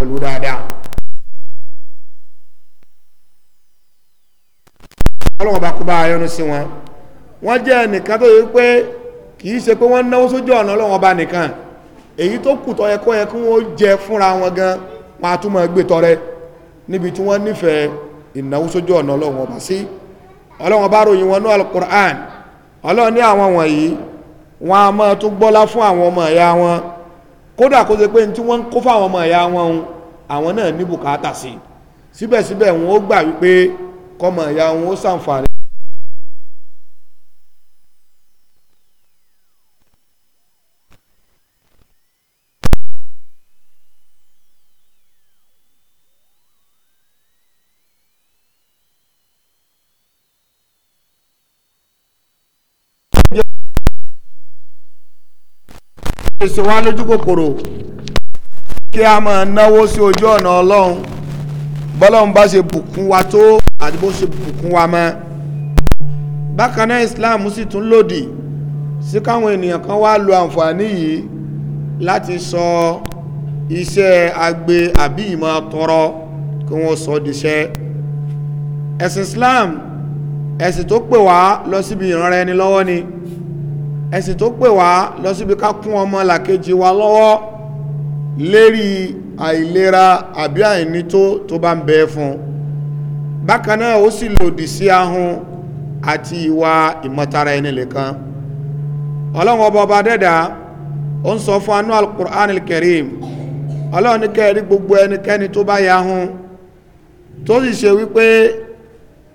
pẹ̀lú dáadáa ọlọ́wọ́n bá kú bá ayọ́nu sí wọn wọ́n jẹ́ ẹnìkan tó yẹ pé kì í ṣe pé wọ́n náwó sójú ọ̀nà ọlọ́wọ́n bá nìkan èyí tó kù tọ́ yẹ kó yẹ kí wọ́n jẹ fúnra wọn gan wọn atúmọ̀ ẹgbẹ́ máa gbé tọrẹ níbi tí wọ́n nífẹ̀ẹ́ ìnáwó sójú ọ̀nà ọlọ́wọ́n bá sí ọlọ́wọ́n bá ròyìn wọn ní alukur'an ọlọ́wọ́n ní àwọn wọ̀nyí wọn a máa tún gbọ́lá fún àwọn ọmọ ẹ̀yà wọn kódà kó ṣe pé tí wọ́n ń kó fáwọn ọmọ ẹ̀yà wọn òun àwọn náà ní bùkátà sí síbẹ̀síbẹ̀ wọn ó gbà wípé kọmọ ẹ̀yà wọn ó ṣàǹfààní ṣe wá lójú kòkòrò kí a máa náwó sí ojú ọ̀nà ọlọ́run bọ́lọ́run bá ṣe bùkún wa tó àti bó ṣe bùkún wa mọ́ bákan náà Islam sì tún lòdì sí káwọn ènìyàn kan wá lo àǹfààní yìí láti sọ iṣẹ́ agbe àbí ìmọ̀ tọrọ kí wọ́n sọ díṣẹ́ ẹ̀sìn Islam ẹ̀sìn tó pè wá lọ síbi ìran ẹni lọ́wọ́ ni. Islam, ẹ̀sìn tó pè wá lọ síbi ká kún ọmọ làkejì wa lọ́wọ́ lérí àìlera àbí àìnító tó bá ń bẹ fún bákan náà ó sì lòdì sí ahun àti ìwà ìmọ̀tara ẹni lẹ́kan ọlọ́run ọba ọba dẹ́dà ó ń sọ fún anú alukur'an kẹrìm ọlọ́run ní kẹ́rí gbogbo ẹnikẹ́ni tó bá ya hun tó sì ṣe wípé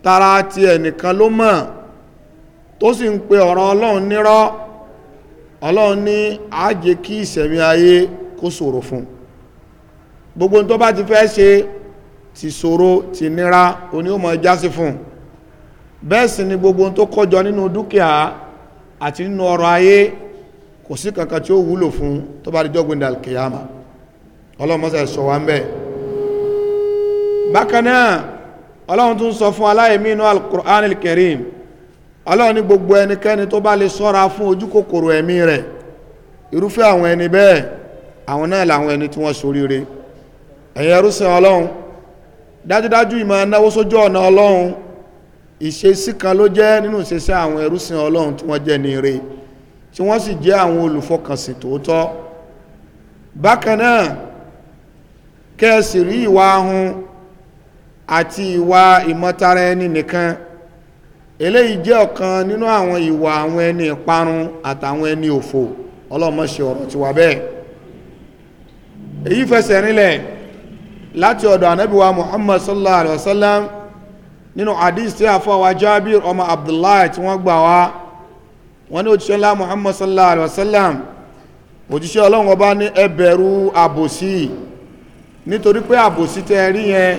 tara ti ẹnìkan ló mọ̀ tó sì ń pe ọ̀rọ̀ ọlọ́run nírọ́ ọlọ́run ní àájẹ kí ìṣẹ̀mí ayé kó ṣòro fún gbogbo tó bá ti fẹ́ ṣe ti ṣòro ti nira oní ó máa jásí fún bẹ́ẹ̀ sì ni gbogbo tó kọjọ nínú dúkìá àti nínú ọrọ̀ ayé kò sí kankan tí ó wúlò fún tó bá di jọ́gbìn dal kìyàmà ọlọ́run mọ́sẹ̀ sọ wá ń bẹ́ẹ̀ bákan náà ọlọ́run tún sọ fún aláìmínú al-Qur'an al-Karim al quran al karim ọlọ́run ní gbogbo ẹnikẹ́ni tó bá lè sọ́ra fún ojú kòkòrò ẹ̀mí rẹ̀ irúfẹ́ àwọn ẹni bẹ́ẹ̀ àwọn náà làwọn ẹni tí wọ́n ṣoríire ẹ̀yin ẹrúsìn ọlọ́run dájúdájú ìmọ̀ ẹnáwó sójú ọ̀nà ọlọ́run ìṣesí kan ló jẹ́ nínú ìṣesí àwọn ẹrúsìn ọlọ́run tí wọ́n jẹ́ ní ire tí wọ́n sì jẹ́ àwọn olùfọkànsìn tòótọ́ bákan náà kẹ́ẹ̀sì rí ìwà ahun àti ìwà ìmọ̀tara ẹni nìkan eléyìí jẹ́ ọ̀kan nínú àwọn ìwà àwọn ẹni ìparun àtàwọn ẹni òfò ọlọ́mọṣe ọ̀rọ̀ tiwa bẹ́ẹ̀ èyí fẹsẹ̀ rinlẹ̀ láti ọ̀dọ̀ anábíwa muhammad sallallahu alaihi wasallam nínú hadith tí a fọ́ wa jabir ọmọ abdullahi tí wọ́n gbà wá wọ́n ní òjíṣẹ́ ńlá muhammad sallallahu alaihi wasallam òjíṣẹ́ ọlọ́run ọba ní ẹ bẹ̀rù àbòsí nítorí pé àbòsí tẹ́ rí yẹn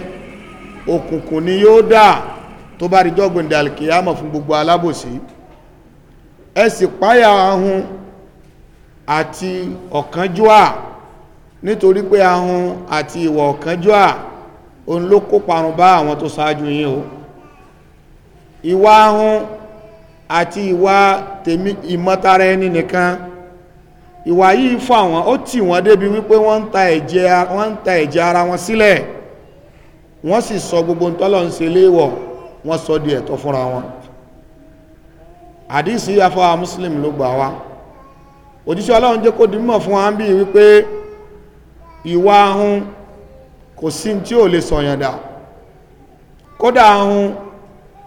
òkùnkùn ni yóò dáa tó bá rí jọ́gbìn dàlkìyàmọ̀ fún gbogbo alábòsí ẹ sì páyà ahun àti ọ̀kánjúà nítorí pé ahun àti ìwà ọ̀kánjúà òun ló kó parun bá àwọn tó ṣáájú yín o ìwà ahun àti ìwà tèmi ìmọ̀tara ẹni nìkan ìwà yìí fún àwọn ó tì wọ́n débi wípé wọ́n ń ta ẹ̀jẹ̀ ara wọn sílẹ̀ wọ́n sì sọ gbogbo ntọ́lọ̀ ń ṣe léèwọ̀ wọ́n sọ di ẹ̀tọ́ fúnra wọn àdísí afọ́wà muslim ló gbà wá òjíṣẹ́ ọlọ́run jẹ́ kó dìímọ̀ fún wa ń bí wípé ìwà ahun kò sí tí ò lè sọ̀yàndà kódà ahun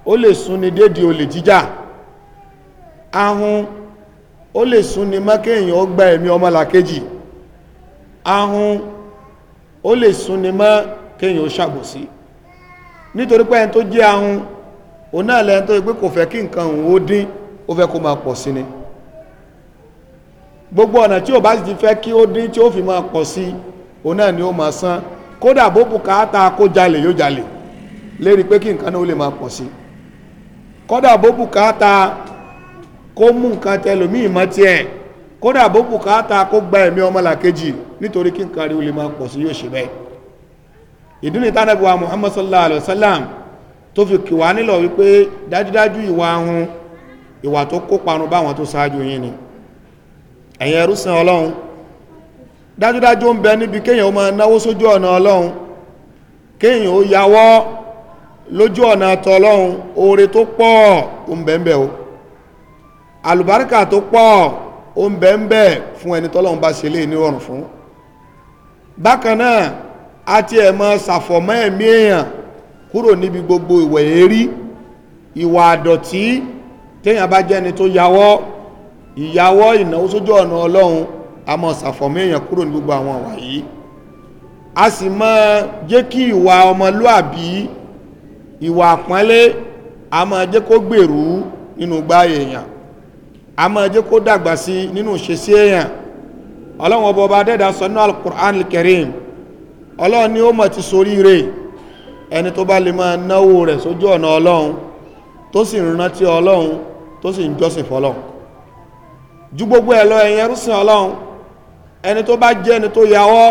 ó lè súnni dédi olè jíjà ahun ó lè súnni mọ́kéèyàn ó gba ẹ̀mí ọmọlàkejì ahun ó lè súnni mọ́kéèyàn ó ṣàbòsí nítorí pé ẹni tó jẹ́ ahun o náà lẹ́yìn tó pé kò fẹ́ kí nǹkan òun ó dín ó fẹ́ kó máa pọ̀ sí ni gbogbo ọ̀nà tí o bá sì ti fẹ́ kí ó dín tí ó fi máa pọ̀ sí o náà ni ó máa san kódà bó bùkátà kó jalè yóò jalè lérí pé kí nǹkan náà ó lè máa pọ̀ sí kódà bó bùkátà kó mú nǹkan ma mọ́ tiẹ̀ kódà bó bùkátà kó gba ẹ̀mí ọmọlàkejì nítorí kí nǹkan rí ó lè máa pọ̀ sí yóò ṣe bẹ́ẹ̀ sallallahu wa tó fi kì wá nílọ̀ wípé dájúdájú ìwà ahun ìwà tó kó báwọn tó ṣáájú yín ni ẹ̀yin ẹrúsìn ọlọ́run dájúdájú ń bẹ níbi kéèyàn ó máa náwó sójú ọ̀nà ọlọ́run kéèyàn ó yáwọ́ lójú ọ̀nà tọlọ́run oore tó pọ̀ ó ń ń o àlùbáríkà tó pọ̀ ó kúrò níbi gbogbo ìwẹ̀ èrí ìwà àdọ̀tí téèyàn bá jẹ́ni tó yàwọ́ ìyàwọ́ ìnáwó sójú ọ̀nà ọlọ́run a mọ̀ ṣàfọ̀mọ́ èèyàn kúrò ní gbogbo àwọn ọ̀wà yìí a sì mọ́ jẹ́ kí ìwà ọmọlúàbí ìwà àpọ́nlé a jẹ́ kó gbèrú nínú gbá èèyàn a jẹ́ kó dàgbà sí nínú èèyàn ọlọ́run ọba ọba sọ nínú alukur'an ọlọ́run ni ó mọ̀ ti ẹni tó bá lè máa náwó rẹ̀ sójú ọ̀nà ọlọ́run tó sì ń rántí ọlọ́run tó sì ń jọ́sìn fọlọ́run ju gbogbo ẹ̀ lọ ẹ̀yin ẹrúsìn ọlọ́run ẹni tó bá jẹ́ ẹni tó yàwọ́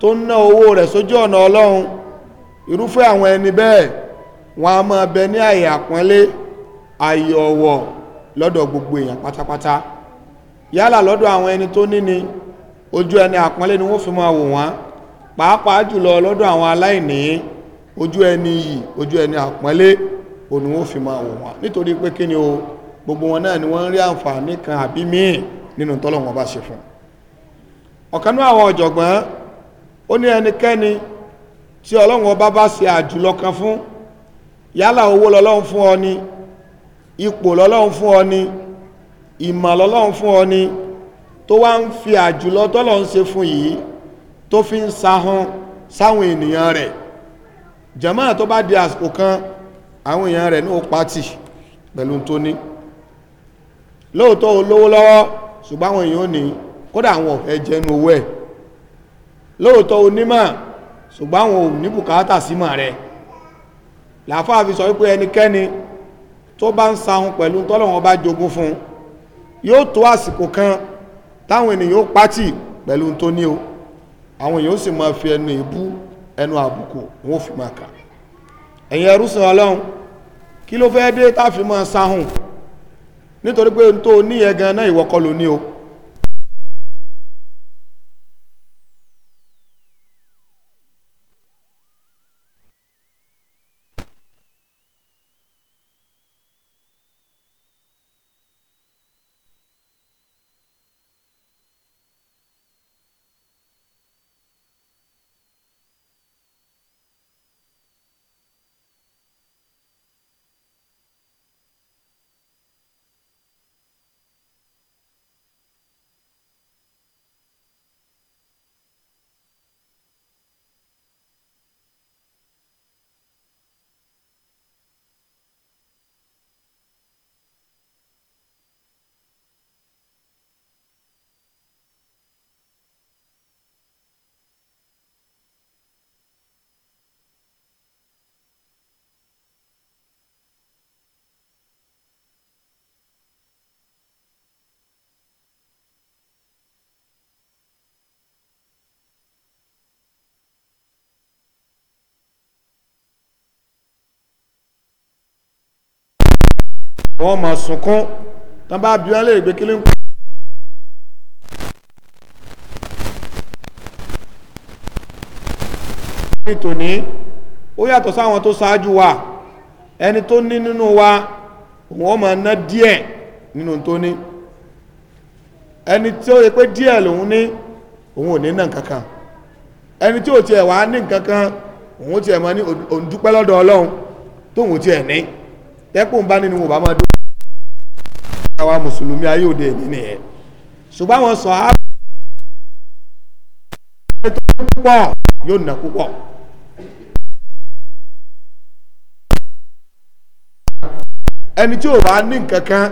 tó ń ná owó rẹ̀ sójú ọ̀nà ọlọ́run irúfẹ́ àwọn ẹni bẹ́ẹ̀ wọn a máa bẹ ní àyè àpọ́nlé àyè ọ̀wọ̀ lọ́dọ̀ gbogbo èèyàn pátápátá yálà lọ́dọ̀ àwọn ẹni tó níni ojú ẹni àpọ́nlé ni wọ́n fi máa wò wọ́n pàápàá jùlọ lọ́dọ̀ àwọn aláìní ojú ẹni yìí ojú ẹni àpọ́nlé òun ó fi máa wò wọ́n nítorí pé kí ni o gbogbo wọn náà ni wọ́n rí àǹfààní kan àbí míì nínú tọ́lọ̀wọ̀n bá ṣe fún ọ̀kanú àwọn ọ̀jọ̀gbọ́n ó ní ẹnikẹ́ni tí ọlọ́run ọba bá ṣe àjùlọ kan fún yálà owó lọ́lọ́run fún ọ ni ipò lọ́lọ́run fún ọ ni ìmọ̀ lọ́lọ́run fún ọ ni tó wá ń fi àjùlọ tọ́lọ́run ṣe fún yìí tó fi ń sahun sáwọn ènìyàn rẹ̀ jama tó bá di àsìkò kan àwọn èèyàn rẹ̀ ní ó pàtì pẹ̀lú tó ní lóòótọ́ olówó lọ́wọ́ ṣùgbọ́n àwọn èèyàn ní kódà àwọn ọ̀fẹ́ jẹnu owó ẹ̀ lóòótọ́ onímọ̀ ṣùgbọ́n àwọn òun ní bùkátà símọ̀ rẹ̀ làáfáà fi sọ wípé ẹnikẹ́ni tó bá ń sahun pẹ̀lú tọ́lọ̀wọ́n bá jogún fún yóò tó àsìkò kan táwọn ènìyàn ó pàtì pẹ̀lú tó ní o àwọn èèyàn ó sì máa fi ẹnu ìbú ẹnu àbùkù wọn ò fi máa kà ẹ̀yin ẹrú sìn ọlọ́run kí ló fẹ́ dé tá máa sáhùn nítorí pé n tó ní yẹn gan náà ìwọ kọ́ o wọ́n mọ̀ sunkún tán bá bí wọ́n lè gbé kí ló ń kọ́. ní tòní ó yàtọ̀ sáwọn tó ṣáájú wa ẹni tó ní nínú wa wọ́n mọ̀ ná díẹ̀ nínú tó ní ẹni tí ó yẹ pé díẹ̀ lòun ní òun ò ní nà kankan ẹni tí ò tiẹ̀ wá ní kankan òun tiẹ̀ mọ̀ ní òun lọ́dọ̀ ọlọ́run tóun tiẹ̀ ní tẹ́kùn bá nínú wọn bá máa dúró àwa mùsùlùmí ayé òde ìní nìyẹn ṣùgbọ́n àwọn sọ á púpọ̀ yóò nà púpọ̀. ẹni tí ò bá ní nǹkan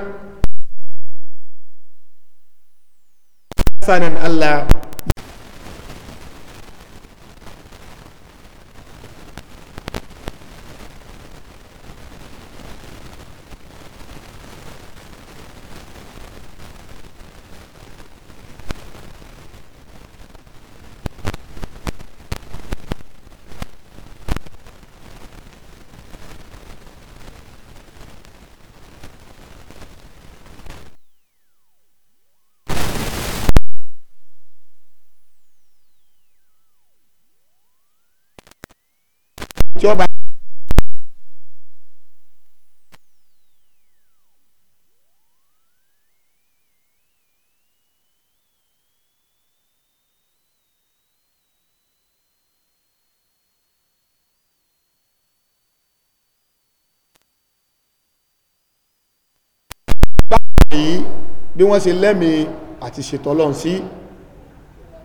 bí wọ́n ṣe lẹ́mìí àti ṣètọ́lọ́n sí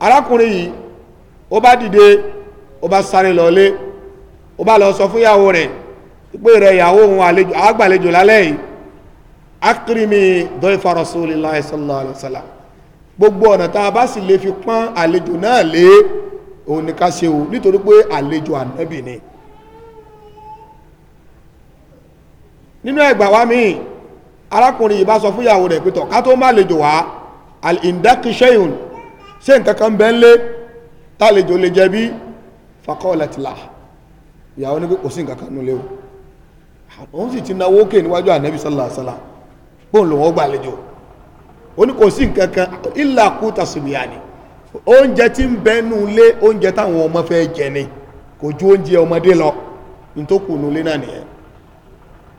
arákùnrin yìí ó bá dìde ó bá sáré lọlé ó bá lọ sọ fún ìyàwó rẹ̀ pé rẹ̀ ìyàwó òun àgbàlejò lálẹ́ yìí akérèmí dọ́ìfà Rasulullahi sallallahu alaihi gbogbo ọ̀nà tá a bá sì lè fi pọ́n àlejò náà lé òun ni ká ṣe o nítorí pé àlejò ànábì ni nínú ẹgbàá wa míì arákùnrin yìí bá sọ fún ìyàwó rẹ̀ pé tọ̀ ká tó má lejò wá al-indakishayun ṣé nǹkan kan bẹ́ẹ̀ lé tálejò lè jẹ bí fakọ́ọ̀lẹ́tìlá ìyàwó ní pé kò sí nǹkan kan nulẹ̀ o òun sì ti náwó kè níwájú ànábì sallallahu alaihi wasallam bóun lòun ó gbàlejò ó ní kò sí nǹkan kan illa quta sibyani oúnjẹ tí ń bẹnu lé oúnjẹ táwọn ọmọ fẹ́ jẹ ni kò ju oúnjẹ ọmọdé lọ ní tó kù nulẹ̀ náà nìyẹn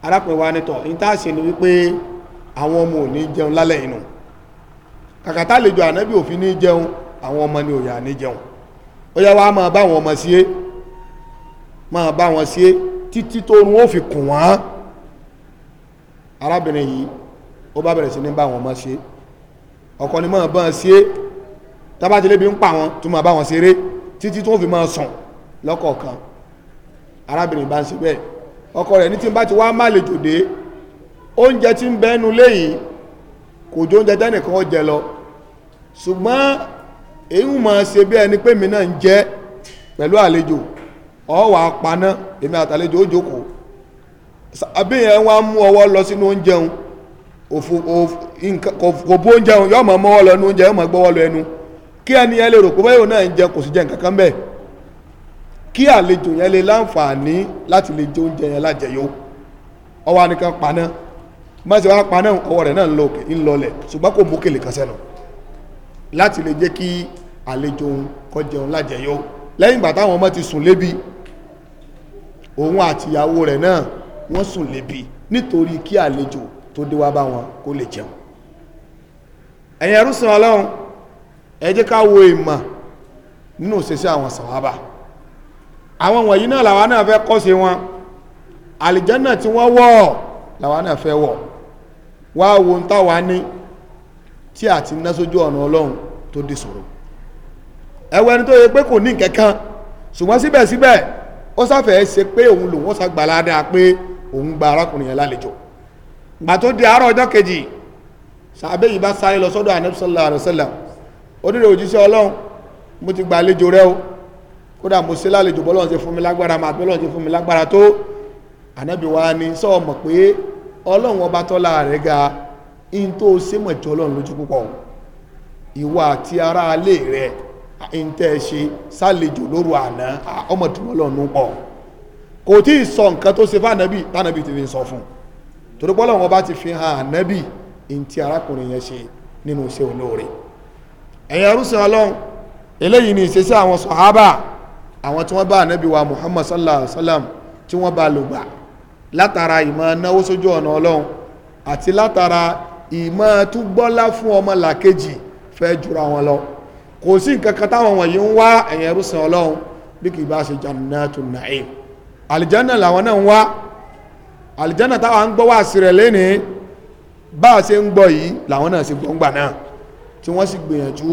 arákùnrin wa nítọ̀ ní tá a ṣe ni wípé àwọn ọmọ ò ní jẹun lálẹ́ inú kàkàtà lè jọ ànábì òfin ní jẹun àwọn ọmọ ni òyà ní jẹun ó yẹ wá máa bá àwọn ọmọ sí é máa bá wọn sí é títí tó run ó fi kùn wọ́n arábìnrin yìí ó bá bẹ̀rẹ̀ sí ní bá àwọn ọmọ sí é ọkọ ni máa bá wọn sí é tábàtìlẹ́ bí ń pa wọn tó máa bá wọn ṣeré títí tó fi máa sùn lọ́kọ̀ọ̀kan arábìnrin bá ń ṣe bẹ́ẹ̀ ọkọ rẹ̀ ní tí n bá ti wá má lè jòdè oúnjẹ tí ń bẹ́nu léyìn kò jó oúnjẹ tẹ́nìkan ó jẹ lọ ṣùgbọ́n èyí mọ̀ ṣe bí ẹni pé mi náà ń jẹ pẹ̀lú àlejò ọwà paná èmi àtàlejò ó jókòó àbí yẹn wá mú ọwọ́ lọ sínú oúnjẹun kò bó oúnjẹun yọ́ mọ̀ mọ́wọ́ lọ nínú oúnjẹ yọ́ mọ̀ gbọ́wọ́ lọ ẹnu kí ẹni yẹn lè rò pé báyọ̀ náà ń jẹ kò sì jẹ nǹkan kan bẹ́ẹ̀ kí àlejò yẹn lè láǹfààní láti lè jẹ oúnjẹ yẹn lájẹyó ọwọ́ anìkan paná mọ́sí wá paná ọwọ́ rẹ̀ náà ń lọlẹ̀ ṣùgbọ́n kò mú kèlè kan sẹ́nu láti lè jẹ́ kí àlejò kó jẹun lájẹyó lẹ́yìn ìgbà táwọn ọmọ ti sùn lébi òun àtìyàwó rẹ̀ náà wọ́n sùn lébi nítorí kí àlejò tó dé wá bá wọn kó lè jẹun ẹ̀yin ẹrú sìn ọlọ́run ẹ ká wo ìmọ̀ nínú òṣèṣẹ́ àwọn sàhábà àwọn wọ̀nyí náà làwa náà fẹ́ kọ́ sí wọn àlìjánà tí wọ́n wọ̀ làwa náà fẹ́ wọ̀ wá wo ń táwa ní tí àti ná sójú ọ̀nà ọlọ́run tó di ṣòro ẹwọ ẹni tó yẹ pé kò ní nǹkankan ṣùgbọ́n síbẹ̀síbẹ̀ ó sáfẹ́ ṣe pé òun lòun ó sàgbàládà pé òun gba arákùnrin yẹn lálejò gbà tó di àárọ̀ ọjọ́ kejì sàbẹ̀ yìí bá sáré lọ sọ́dọ̀ ànábì sallallahu alaihi wasallam onírè òjíṣẹ́ ọlọ́run mo ti gbà àlejò rẹ o kódà mo ṣe lálejò bọ́lọ́n ṣe fún mi lágbára máa bọ́lọ́n ṣe fún mi lágbára tó ànábì wa ni sọ mọ̀ pé ọlọ́run ọba tọ́lá rẹ̀ ga in tó ṣe mọ̀ tí ọlọ́run lójú púpọ̀ ìwà àti ará alé rẹ̀ in tẹ́ ṣe sálejò lóru àná ọmọ tí ọlọ́run pọ̀ kò tí ì sọ nǹkan tó ṣe fànábì tànábì ti fi sọ fún torí pọ́lọ́run ọba ti fi hàn ànábì in ti arákùnrin yẹn ṣe nínú iṣẹ́ olóore ẹ̀yin arúsìn ọlọ́run eléyìí ni ìṣesí àwọn sọ̀hábà àwọn tí wọ́n bá ànábì wa muhammad sallallahu alaihi wasallam tí wọ́n bá lògbà látara ìmọ̀ náwó sójú ọ̀nà ọlọ́run àti látara ìmọ̀ tún gbọ́lá fún ọmọ làkejì fẹ́ jura wọn lọ kò sí nǹkan kan táwọn wọ̀nyí ń wá ẹ̀yìn ẹrúsìn ọlọ́run bí kì í bá ṣe jannatun na'im àlìjánà làwọn náà ń wá àlìjánà táwa ń gbọ́ wá sí rẹ̀ lénìí bá a ṣe ń gbọ́ yìí làwọn náà ṣe gbọ́ngbà náà tí wọ́n sì gbìyànjú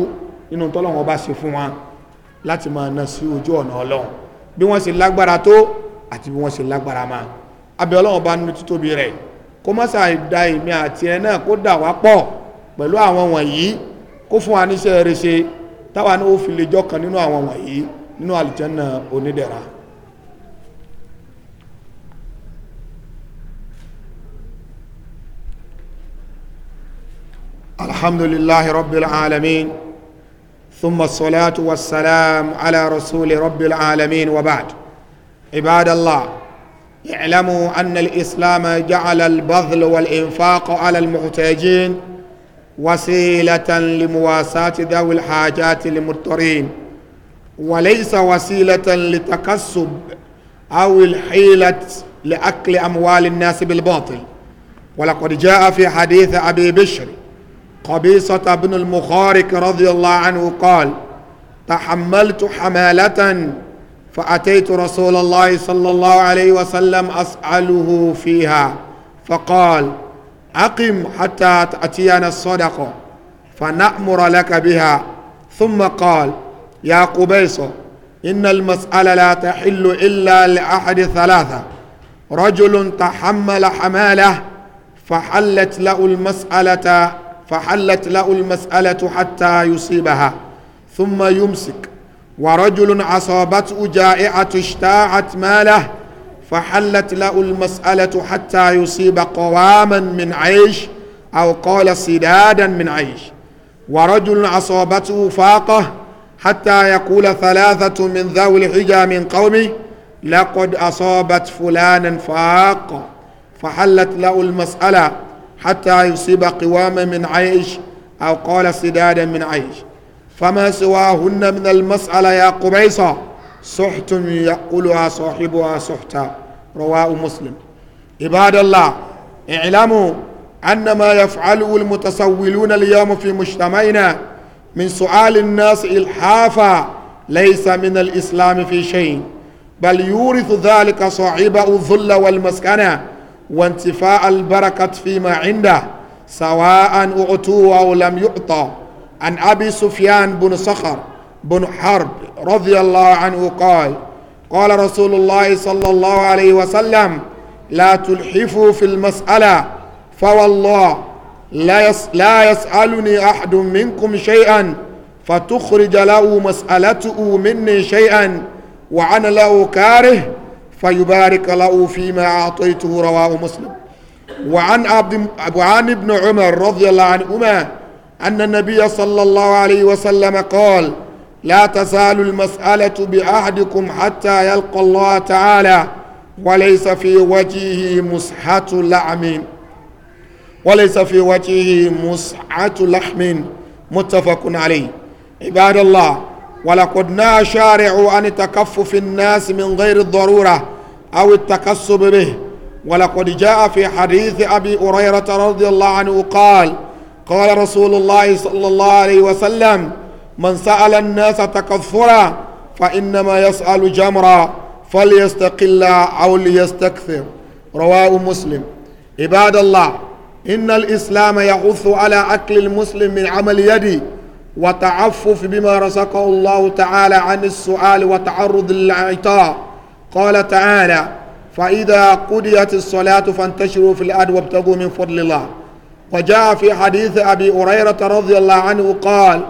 nínú tọ́lọ́wọ́n bá ṣe fún wọn láti máa ná sí ojú ọ̀nà ọlọ́run bí wọ́n ṣe lágbára tó àti bí wọ́n ṣe lágbára máa abẹ́ ọlọ́run bá nínú títóbi rẹ̀ kó má ṣàìdá èmi àti ẹ náà kó dà wá pọ̀ pẹ̀lú àwọn wọ̀nyí kó fún wa níṣẹ́ rẹ̀ táwa ní ó fi lè jọ́kan nínú àwọn wọ̀nyí nínú àlùjànnà onídẹ̀ra alhamdulillahi rabbil alamin. ثم الصلاة والسلام على رسول رب العالمين وبعد عباد الله اعلموا أن الإسلام جعل البذل والإنفاق على المحتاجين وسيلة لمواساة ذوي الحاجات المضطرين وليس وسيلة لتكسب أو الحيلة لأكل أموال الناس بالباطل ولقد جاء في حديث أبي بشر قبيصة بن المخارق رضي الله عنه قال تحملت حمالة فأتيت رسول الله صلى الله عليه وسلم أسأله فيها فقال أقم حتى تأتينا الصدقة فنأمر لك بها ثم قال يا قبيصة إن المسألة لا تحل إلا لأحد ثلاثة رجل تحمل حماله فحلت له المسألة فحلت له المسألة حتى يصيبها ثم يمسك ورجل أصابته جائعة اشتاعت ماله فحلت له المسألة حتى يصيب قواما من عيش أو قال صدادا من عيش ورجل أصابته فاقة حتى يقول ثلاثة من ذوي الحجى من قومه لقد أصابت فلانا فاقة فحلت له المسألة حتى يصيب قواما من عيش أو قال سدادا من عيش فما سواهن من المسألة يا قبيصة سحت يقولها صاحبها سحتا رواه مسلم عباد الله اعلموا أن ما يفعله المتسولون اليوم في مجتمعنا من سؤال الناس إلحافا ليس من الإسلام في شيء بل يورث ذلك صاحبه الظل والمسكنه وانتفاء البركة فيما عنده سواء أعطوا أو لم يعطى عن أبي سفيان بن صخر بن حرب رضي الله عنه قال قال رسول الله صلى الله عليه وسلم لا تلحفوا في المسألة فوالله لا, يس لا يسألني أحد منكم شيئا فتخرج له مسألته مني شيئا وعن له كاره فيبارك له فيما أعطيته رواه مسلم وعن عبد وعن ابن عمر رضي الله عنهما أن النبي صلى الله عليه وسلم قال لا تزال المسألة بأحدكم حتى يلقى الله تعالى وليس في وجهه مسحة لعم وليس في وجهه مسحة لحم متفق عليه عباد الله ولقد نهى شارع عن تكفف الناس من غير الضرورة أو التكسب به ولقد جاء في حديث أبي هريرة رضي الله عنه قال قال رسول الله صلى الله عليه وسلم من سأل الناس تكثرا فإنما يسأل جمرا فليستقل أو ليستكثر رواه مسلم عباد الله إن الإسلام يعث على أكل المسلم من عمل يدي وتعفف بما رزقه الله تعالى عن السؤال وتعرض للعطاء قال تعالى فإذا قضيت الصلاة فانتشروا في الأرض وابتغوا من فضل الله وجاء في حديث أبي هريرة رضي الله عنه قال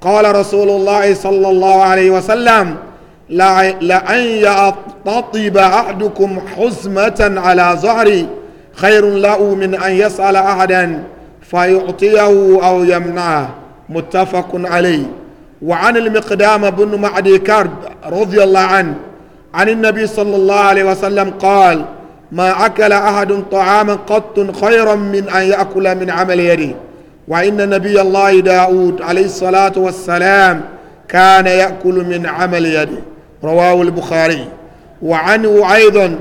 قال رسول الله صلى الله عليه وسلم لأن يطيب أحدكم حزمة على ظهري خير له من أن يسأل أحدا فيعطيه أو يمنعه متفق عليه وعن المقدام بن معدي كرب رضي الله عنه عن النبي صلى الله عليه وسلم قال ما أكل أحد طعاما قط خيرا من أن يأكل من عمل يده وإن نبي الله داود عليه الصلاة والسلام كان يأكل من عمل يده رواه البخاري وعنه أيضا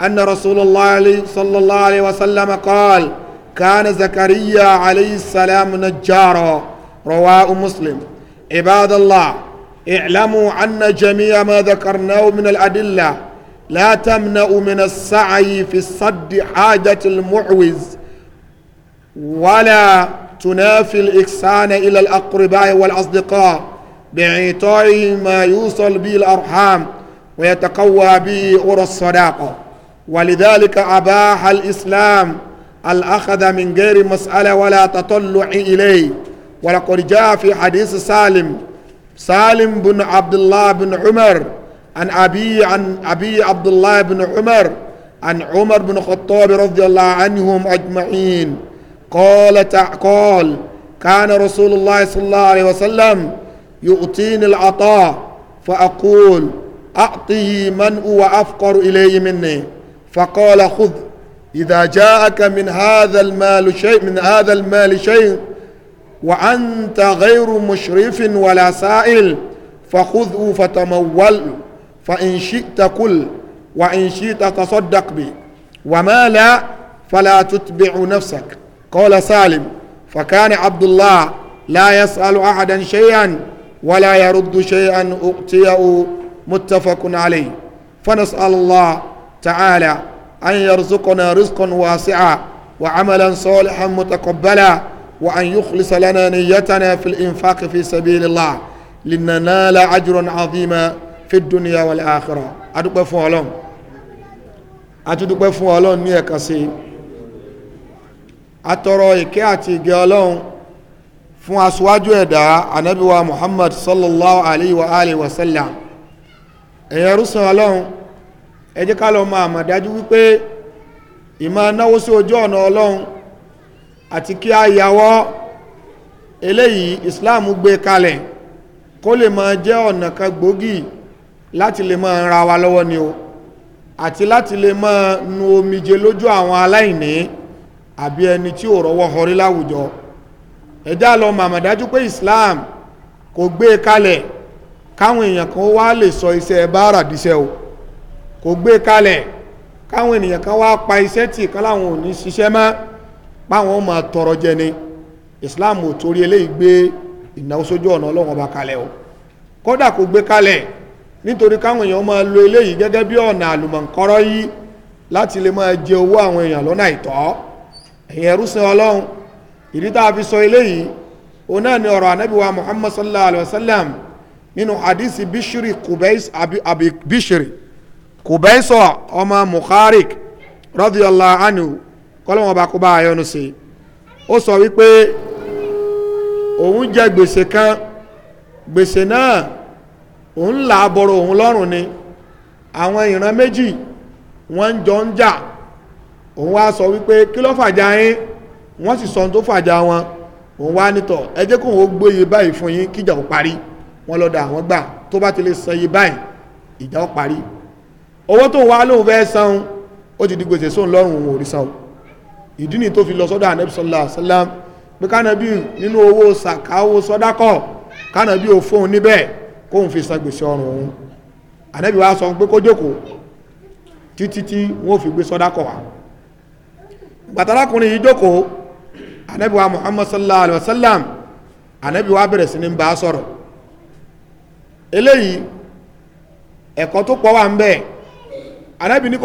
أن رسول الله صلى الله عليه وسلم قال كان زكريا عليه السلام نجارا رواه مسلم عباد الله اعلموا أن جميع ما ذكرناه من الأدلة لا تمنع من السعي في الصد حاجة المعوز ولا تنافي الإحسان إلى الأقرباء والأصدقاء بإعطائه ما يوصل به الأرحام ويتقوى به أرى الصداقة ولذلك أباح الإسلام الأخذ من غير مسألة ولا تطلع إليه ولقد جاء في حديث سالم سالم بن عبد الله بن عمر عن أبي عن أبي عبد الله بن عمر عن عمر بن الخطاب رضي الله عنهم أجمعين قال قال كان رسول الله صلى الله عليه وسلم يؤتيني العطاء فأقول أعطه من هو أفقر إليه مني فقال خذ إذا جاءك من هذا المال شيء من هذا المال شيء وأنت غير مشرف ولا سائل فخذه فتمول فإن شئت كل وإن شئت تصدق به وما لا فلا تتبع نفسك قال سالم فكان عبد الله لا يسأل أحدا شيئا ولا يرد شيئا أؤتيه متفق عليه فنسأل الله تعالى أن يرزقنا رزقا واسعا وعملا صالحا متقبلا وأن يخلص لنا نيتنا في الإنفاق في سبيل الله لننال أجرا عظيما في الدنيا والآخرة أدوك فون ألون أتدوك فون ألون نية كسي أترى إكاتي جالون fún aṣíwájú ẹ̀dá anábíwa muhammad sallallahu alayhi wa alayhi wa sallam ẹ̀yẹ rúsùn ọlọ́run ẹ jẹ́ ká lọ máa mọ̀ dájú wípé ìmọ̀ náwó sí ojú ọ̀nà ọlọ́run àti kí a yàwọ́ eléyìí Islam gbé kalẹ̀ kó lè máa jẹ́ ọ̀nà kan gbòógì láti lè máa ra wa lọ́wọ́ ni o àti láti lè máa nu omijé lójú àwọn aláìní àbí ẹni tí ò rọ́wọ́ họrí láwùjọ ẹ̀dá lọ màmá pé Islam kò gbé e kalẹ̀ káwọn èèyàn kan wá lè sọ iṣẹ́ báárà díṣẹ́ o kò gbé e kalẹ̀ káwọn ènìyàn kan wá pa iṣẹ́ tì kan láwọn ò ní ṣiṣẹ́ mọ́ páwọn máa tọrọ jẹ ni islam ò torí eléyìí gbé ìnáwó sójú ọ̀nà ọlọ́run ọba kalẹ̀ o kódà kò gbé kalẹ̀ nítorí káwọn èèyàn máa lo eléyìí gẹ́gẹ́ bí ọ̀nà àlùmọ̀ǹkọ́rọ́ yìí láti lè máa jẹ owó àwọn èèyàn lọ́nà àìtọ́ ẹ̀yin ẹrúsìn ọlọ́run ìdí tá a fi sọ eléyìí òun náà ni ọ̀rọ̀ ànábì wa muhammad sallallahu alayhi wa sallam nínú hadisi bishiri kubais abi abi bishiri kubaisọ ọmọ mukharik radiyallahu anhu kọ́lọ́wọ́n bá kó bá ayọ́nu sí i ó sọ wípé òun jẹ gbèsè kan gbèsè náà òun là á bọ̀rọ̀ òun lọ́rùn ni àwọn ìran méjì wọ́n ń jọ ń jà òun wá sọ wípé kí ló fàjà yín wọ́n sì sọ ohun tó fàjà wọn òun wá nítọ̀ ẹ jẹ́ kóun ó gbóye báyìí fún yín kíjà ó parí wọ́n lọ́dọ̀ àwọn gbà tó bá ti lè san iye báyìí ìjà ó parí owó tó wá lóun fẹ́ san ó ti di gbèsè sóun lọ́rùn òun ò rí san o ìdí ni tó fi lọ sọ́dọ̀ ànábì sallallahu pé kánàbí nínú owó sàkà sọ́dákọ̀ kánàbí ò fóun níbẹ̀ fi san ọrùn òun wa sọ pé kó jókòó títí tí wọ́n fi gbé sọ́dákọ̀ wá gbàtàlákùnrin yìí jókòó wa muhammad sallallahu alaihi wasallam wa bẹ̀rẹ̀ sí ní bá sọ̀rọ̀ eléyìí ẹ̀kọ́ tó pọ̀ ń ní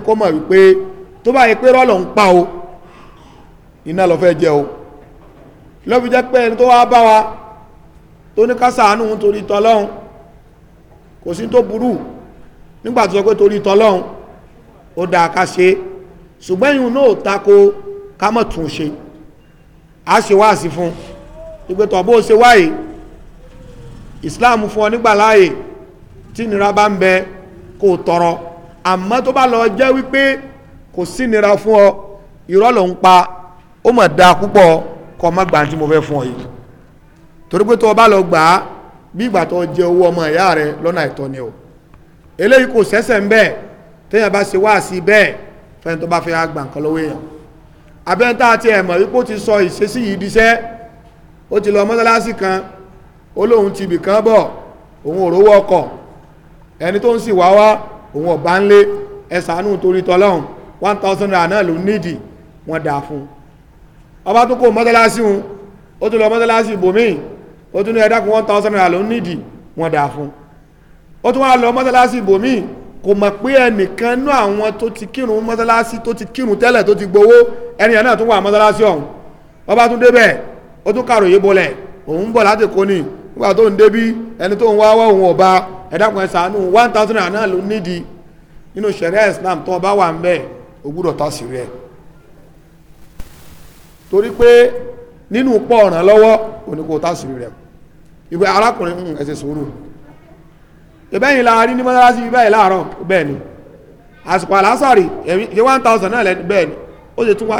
kó tó bá yẹ pé rọ́ọ̀lọ̀ ń pa o iná lọ fẹ́ jẹ o lọ́fi jẹ́ pé ẹni tó wá bá wa tó ní ká ṣàánú torí tọlọ́hun kò sí tó burú nígbà tó sọ pé torí tọlọ́hun ó dáa ká ṣe ṣùgbọ́n ìhun náà tako ká mọ̀ tún ṣe a ṣe wá sí fún ìgbẹ́tọ̀ bó ṣe wáyé Islam fún ọ nígbà láàyè tí ìnira bá ń bẹ kó tọrọ àmọ́ tó bá lọ jẹ́ wípé kò sí nira fún ọ irọ́ ló ń pa ó mà dáa púpọ̀ kọ́ má gbà tí mo fẹ́ fún ọ yìí torí pé tó o bá lọ gbà á bí ìgbà tó o jẹ owó ọmọ ìyá rẹ lọ́nà ìtọ́ ni o eléyìí kò sẹ́sẹ̀ ń bẹ́ẹ̀ téèyàn bá ṣe wáàsí bẹ́ẹ̀ fẹ́ni tó bá fẹ́ gbà nǹkan lọ́wọ́ èèyàn abẹ́ńtà àti ẹ̀mọ̀ wípé ó ti sọ ìṣesí yìí diṣẹ́ ó ti lọ mọ́sálásí kan ó lóun ti ibì kan bọ̀ òun ò rówó ọkọ̀ ẹni tó ń sì wá wá òun ọ̀bá ńlé ẹ ṣàánú torí tọlọ́hun one thousand naira náà ló nídìí wọ́n dà fún un ọba tó kó mọ́tálásí wọn ó tún lọ mọ́tálásí ibòmíì ó tún ní ẹ̀dákun one thousand naira ló nídìí wọ́n dà fún un ó tún wá lọ mọ́tálásí ibòmíì kò mọ̀ pé ẹnìkan nú àwọn tó ti kírun mọ́tálásí tó ti kírun tẹ́lẹ̀ tó ti gbowó ẹnìyàn náà tún wà mọ́tálásí ọ̀hún ọba tún débẹ̀ ó tún kàròyé bolẹ̀ òun ń bọ̀ láti kó ní nígbà tó ń débí ẹni tó ń wá wá òun ọba ẹ̀dákun ẹ̀sánú one thousand naira náà ló nídìí nínú sẹ̀rẹ́ Islam tó ọba wà ń bẹ́ẹ̀ o ta sí rẹ̀ torí pé nínú pọ̀ ọ̀ràn lọ́wọ́ oníkó ta sí rẹ̀ ìgbé arákùnrin hmm, ẹ ṣe sùúrù ìbẹ́yìn láàrin ní ìbẹ́yìn ni àsìkò àlásàrì ẹ̀mí ṣe one thousand náà lẹ́nu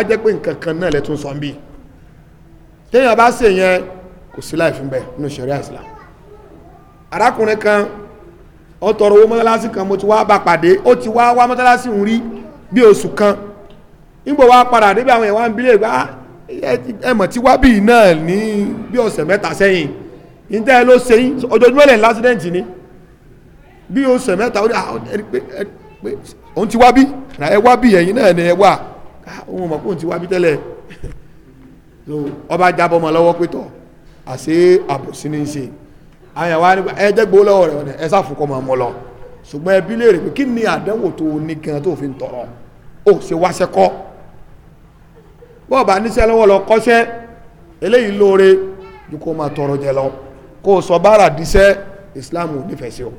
ó kan tọrọ owó kan mo ti wá bá pàdé ó ti wá wá mọ́sálásí bí oṣù kan nígbà wa padà débi àwọn ẹ̀wà ń bílẹ̀ gbá ah, ẹ̀mọ̀ tí wá bì náà ní bí ọ̀sẹ̀ mẹ́ta sẹ́yìn níta ẹ ló ṣe yín ojoojúmọ́ lẹ̀ lásìdẹ́ǹtì ni bí ọ̀sẹ̀ mẹ́ta ó ní ah, ẹni pé òun ti wá bí ẹ wá bí ẹ̀yin náà ni ẹ wà ah, òun mọ̀ pé òun ti wá bí tẹ́lẹ̀ ọba jábọ̀ mọ́ lọ́wọ́ pé tọ̀ àṣé àbòsí ní í ṣe àyàn wa ẹ jẹ́ gbowó lọ́wọ́ rẹ̀ ẹ sáfùkọ́ mọ́ ọmọ lọ ṣùgbọ́n ẹbí léèrè pé kí ni àdánwò tó o ní gan tó fi ń tọrọ ó ṣe wáṣẹ́ kọ́ bọ́ọ̀ bá níṣẹ́ lọ́wọ́ lọ kọ́ṣẹ́ eléyìí lóore ju kó máa tọrọ jẹ lọ kó o sọ bára díṣẹ́ Islam ò nífẹ̀ẹ́ sí o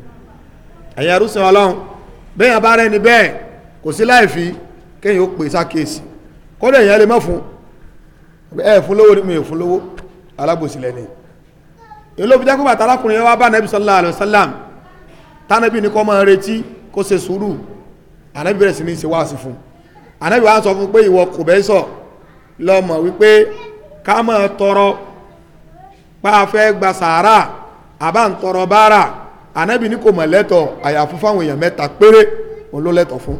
ẹ̀yin arúsìn ọlọ́run bẹ́ẹ̀ yẹn bá rẹ̀ ni bẹ́ẹ̀ kò sí láì fi kéèyàn ó pè sákèsì kódà èèyàn lè má fún ẹ fún lówó ni mi ò fún lówó alábòsí lẹ́ni èyí ló fi jẹ́ kó bàtà arákùnrin yẹn wá bá nàbí sallallahu alaihi wasallam tánàbí ni kó máa retí kó ṣe sùúrù ànábì bẹ̀rẹ̀ sí ní ṣe wáàsí fún un ànábì wa sọ fún pé ìwọ kò bẹ́ sọ lọ́mọ wípé ká máa tọrọ pa afẹ́ gba sàárà àbá ń tọrọ báárà ànábì ní kò mọ̀ lẹ́tọ̀ àyàfi fáwọn èèyàn mẹ́ta péré òun ló lẹ́tọ̀ fún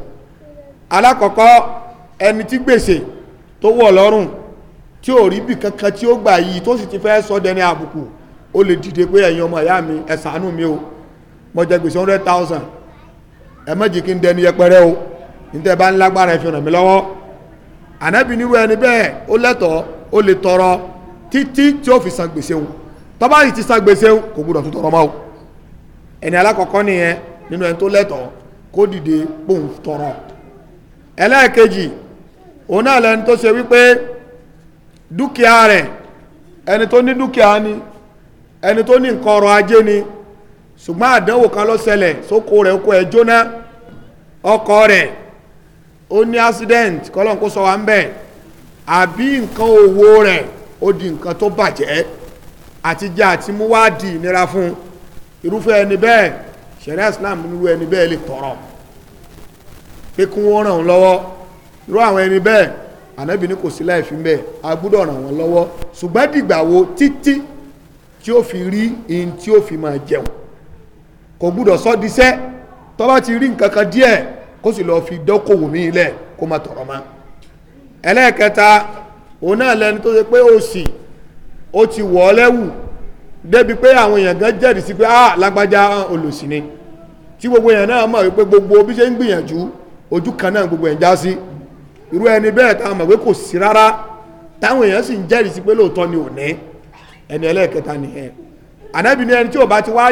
alákọ̀ọ́kọ́ ẹni tí gbèsè tó wọ̀ lọ́rùn tí ò rí bì kankan tí ó gbà yìí tó sì ti fẹ́ sọ dẹni àbùkù ó lè dìde pé ẹ̀yin ọmọ ìyá mi ẹ ṣàánú mi o mo jẹ gbèsè hundred thousand ẹ má jẹ́ kí n dẹni yẹpẹrẹ o níta bá ń lágbára ẹ fi ràn mí lọ́wọ́ ànábì nírú ẹni bẹ́ẹ̀ ó lẹ́tọ̀ọ́ ó lè tọrọ títí tí ó fi san gbèsè wọn tó bá yìí ti san gbèsè wọn kò gbúdọ̀ tó tọrọ mọ́ o ẹni alákọ̀ọ́kọ́ nìyẹn nínú ẹni tó lẹ́tọ̀ọ́ kó dìde bóun tọrọ ẹlẹ́ẹ̀kejì òun náà lẹni tó ṣe wípé dúkìá rẹ̀ ẹni tó ní dúkìá ni ẹni tó ní nǹkan ọrọ̀ ajé ni ṣùgbọ́n àdánwò kan ló sóko rẹ̀ kó ẹ jóná ọkọ̀ rẹ̀ ó ní accident kọ́lọ́n kó sọ wá ń bẹ̀ àbí nǹkan òwò rẹ̀ ó di nǹkan tó bàjẹ́ àti jẹ́ àti mú wá di ìnira fún irúfẹ́ ẹni bẹ́ẹ̀ ṣẹ̀rẹ́ Islam nírú ẹni bẹ́ẹ̀ lè tọrọ pé kí wọ́n ràn wọ́n lọ́wọ́ irú àwọn ẹni bẹ́ẹ̀ ànábì ní kò sí láìfi ń bẹ̀ a gbọ́dọ̀ ràn wọ́n lọ́wọ́ ṣùgbọ́n dìgbà wo títí tí ó fi rí ihun tí ó fi máa jẹun kò gbọ́dọ̀ sọ́ diṣẹ́ tó bá ti rí nǹkan kan díẹ̀ kó sì lọ́ọ́ fi dókòwò mí ilẹ̀ kó ma tọ̀rọ̀ ma ẹlẹ́ẹ̀kẹta òun náà lẹni tó ṣe pé òṣì ó ti wọ̀ ọ́ lẹ́wù pé àwọn èèyàn gan sí pé ah lágbájá olòṣì ni tí gbogbo èèyàn náà wípé gbogbo bí ṣe ń gbìyànjú ojú gbogbo èèyàn já sí irú ẹni bẹ́ẹ̀ a mọ̀ pé kò sí rárá táwọn ni ò ní ẹni ẹlẹ́ẹ̀kẹta nìyẹn ẹni tí ò bá ti wá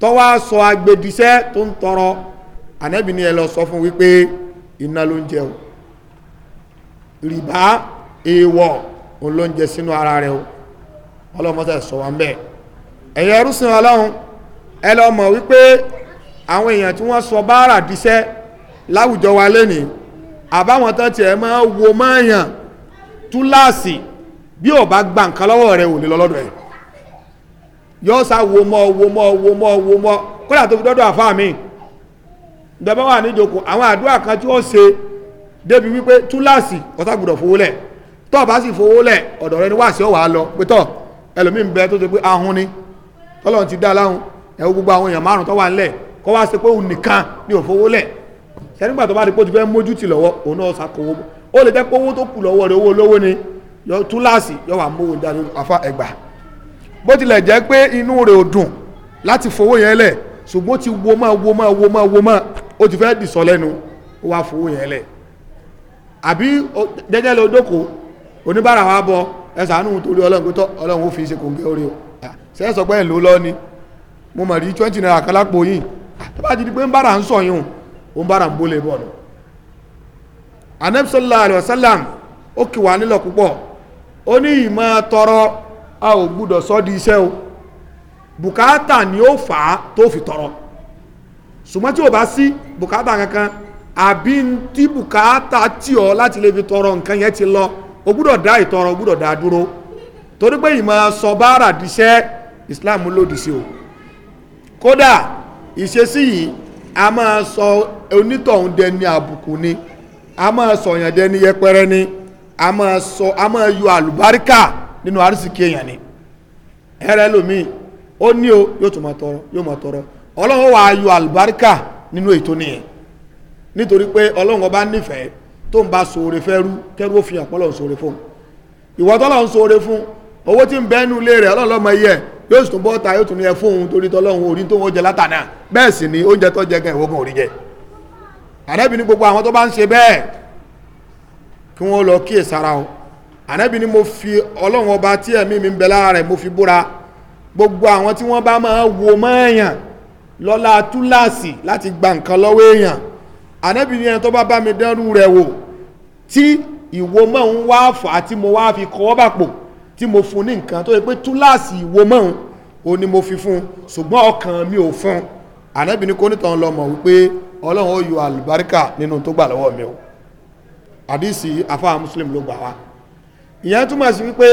tọ́wọ́ sọ agbèdìṣẹ́ tó ń tọrọ ànẹ́bì ni ẹ lọ sọ fún wípé iná ló ń jẹ o rìbá èèwọ̀ òun ló ń jẹ sínú ara rẹ o ọlọ́mọsẹ̀ sọ wá ń bẹ̀ ẹ̀yẹ ẹrúsìn ọlọ́run ẹ lọ wípé àwọn èèyàn tí wọ́n sọ báárà díṣẹ́ láwùjọ wa lénìí àbáwọn tán tiẹ̀ máa wo máa yàn túláàsì bí ò bá gba nǹkan lọ́wọ́ rẹ ò lè lọ ẹ̀ yóò sá wo mọ́ wo mọ́ wo mọ́ wo mọ́ kódà tó fi dọ́dọ̀ àfáà mi ìjọba wà níjòkó àwọn àdúrà kan tí ó ṣe débi wípé túláàsì ọ̀sá gbọ́dọ̀ fowó lẹ̀ tọ́ bá sì fowó lẹ̀ ọ̀dọ̀ rẹ ni wàásì ọ̀wà lọ pé tọ́ ẹlòmíì ń bẹ tó ṣe pé ti dá láhùn ẹ̀wọ́ gbogbo àwọn èèyàn márùn tó o fẹ́ mójú lọ́wọ́ òun náà ó lè jẹ́ bó tilẹ̀ jẹ́ pé inú rẹ̀ ò dùn láti fowó yẹn lẹ̀ ṣùgbọ́n ti wo máa wo máa wo máa wo máa ti fẹ́ dìsọ lẹ́nu ó wá fowó yẹn lẹ̀ àbí jẹ́jẹ́ lọ dóko oníbàárà wa bọ ẹ torí ọlọ́run o ṣe é sọ pé lọ ni mo mọ̀ rí sallallahu alayhi ó kì wá nílọ púpọ̀ ó ní a ò gbúdọ̀ sọ di iṣẹ́ o bùkátà ni ó fà á tó fi tọrọ ṣùgbọ́n tí o bá sí bùkátà kankan àbí tí bùkátà tì ọ́ láti lè fi tọrọ nǹkan yẹn ti lọ o gbúdọ̀ dá ìtọrọ o gbúdọ̀ dá dúró torí pé ìmọ̀ sọ báárà díṣẹ́ Islam lòdì sí o kódà ìṣesí yìí a máa sọ onítọ̀hún dẹni àbùkù ni a máa sọ̀yàn dẹni yẹpẹrẹ ni a máa yọ àlùbáríkà. So, nínú àrísìkí èèyàn ni ẹ̀rẹ́ lómi ó ní o yóò tún máa tọrọ yóò máa tọrọ ọlọ́run wàá yọ àlùbáríkà nínú ètò nìyẹn nítorí pé ọlọ́run ọba nífẹ̀ẹ́ tó ń fẹ́ rú kẹ́rú fi hàn pọ́lọ́ ṣoore ìwọ tọ́lọ́ ń fún owó tí ń bẹ́ nú ilé rẹ̀ ọlọ́run ọmọ iye yóò sì tún bọ́ ta yóò tún ní ẹ fún òun torí tọ́lọ́run orí tó ń jẹ bẹ́ẹ̀ sì ni oúnjẹ tó jẹ ànábì ni mo fi ọlọ́run ọba tí ẹ̀mí mi ń bẹ lára rẹ̀ mo fi búra gbogbo àwọn tí wọ́n bá máa wo mọ́ èèyàn lọ́la túláàsì láti gba nǹkan lọ́wọ́ èèyàn ànábì ni ẹni tó bá bá mi dẹ́rù rẹ̀ wò tí ìwo mọ́ ń wá fà á tí mo wá fi kọ́ bàpò tí mo fún ní nǹkan tó yẹ pé túláàsì ìwo mọ́ o ni mo fi fún ṣùgbọ́n ọkàn mi ò fún ànábì ni kò nítorí lọ wípé ọlọ́run ó yọ àlùbáríkà nínú tó gbà lọ́wọ́ mi o àdìsí afáà muslim ló gbà wá ìyẹn túmọ̀ sí wípé